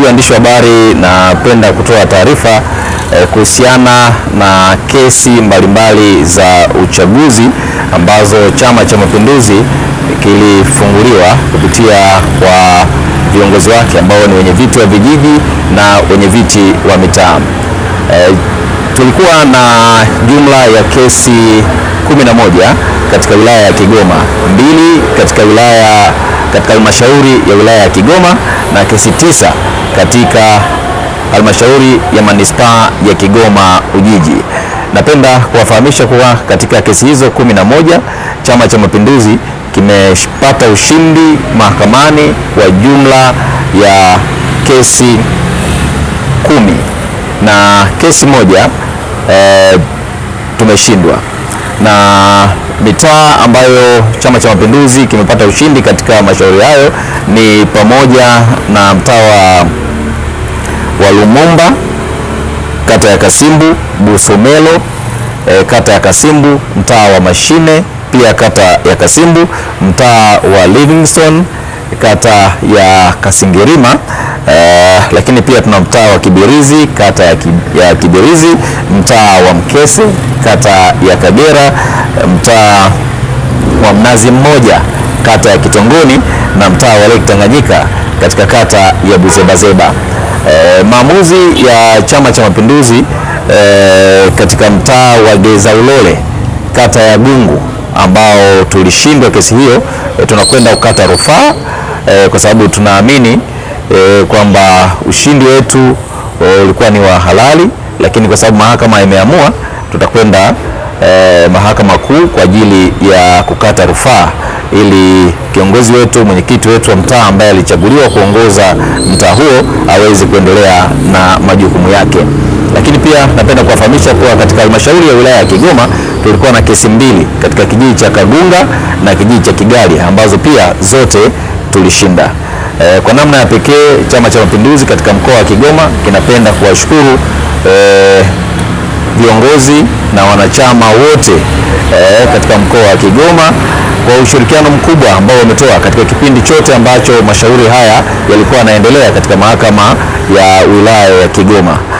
Ndugu waandishi wa habari, napenda kutoa taarifa eh, kuhusiana na kesi mbalimbali mbali za uchaguzi ambazo Chama cha Mapinduzi kilifunguliwa kupitia kwa viongozi wake ambao ni wenye viti wa vijiji na wenye viti wa mitaa. Eh, tulikuwa na jumla ya kesi moja katika wilaya ya Kigoma, mbili katika wilaya katika halmashauri ya wilaya ya Kigoma na kesi tisa katika halmashauri ya manispaa ya Kigoma Ujiji. Napenda kuwafahamisha kuwa katika kesi hizo kumi na moja Chama cha Mapinduzi kimepata ushindi mahakamani kwa jumla ya kesi kumi na kesi moja e, tumeshindwa na mitaa ambayo Chama cha Mapinduzi kimepata ushindi katika mashauri hayo ni pamoja na mtaa wa ya Lumumba, kata ya Kasimbu, Busomelo, e, kata ya Kasimbu, mtaa wa Mashine, pia kata ya Kasimbu, mtaa wa Livingstone, kata ya Kasingirima e, lakini pia tuna mtaa wa Kibirizi, kata ya Kibirizi, mtaa wa Mkese, kata ya Kagera, mtaa wa Mnazi Mmoja, kata ya Kitongoni na mtaa wa Lake Tanganyika katika kata ya Buzebazeba. E, maamuzi ya Chama cha Mapinduzi e, katika mtaa wa Geza Ulole kata ya Gungu ambao tulishindwa kesi hiyo e, tunakwenda ukata rufaa e, kwa sababu tunaamini e, kwamba ushindi wetu ulikuwa ni wa halali, lakini kwa sababu mahakama imeamua tutakwenda e, mahakama kuu kwa ajili ya kukata rufaa ili kiongozi wetu, mwenyekiti wetu wa mtaa ambaye alichaguliwa kuongoza mtaa huo aweze kuendelea na majukumu yake. Lakini pia napenda kuwafahamisha kuwa katika halmashauri ya wilaya ya Kigoma tulikuwa na kesi mbili katika kijiji cha Kagunga na kijiji cha Kigali ambazo pia zote tulishinda. E, kwa namna ya pekee Chama cha Mapinduzi katika mkoa wa Kigoma kinapenda kuwashukuru e, viongozi na wanachama wote e, katika mkoa wa Kigoma kwa ushirikiano mkubwa ambao wametoa katika kipindi chote ambacho mashauri haya yalikuwa yanaendelea katika mahakama ya wilaya ya Kigoma.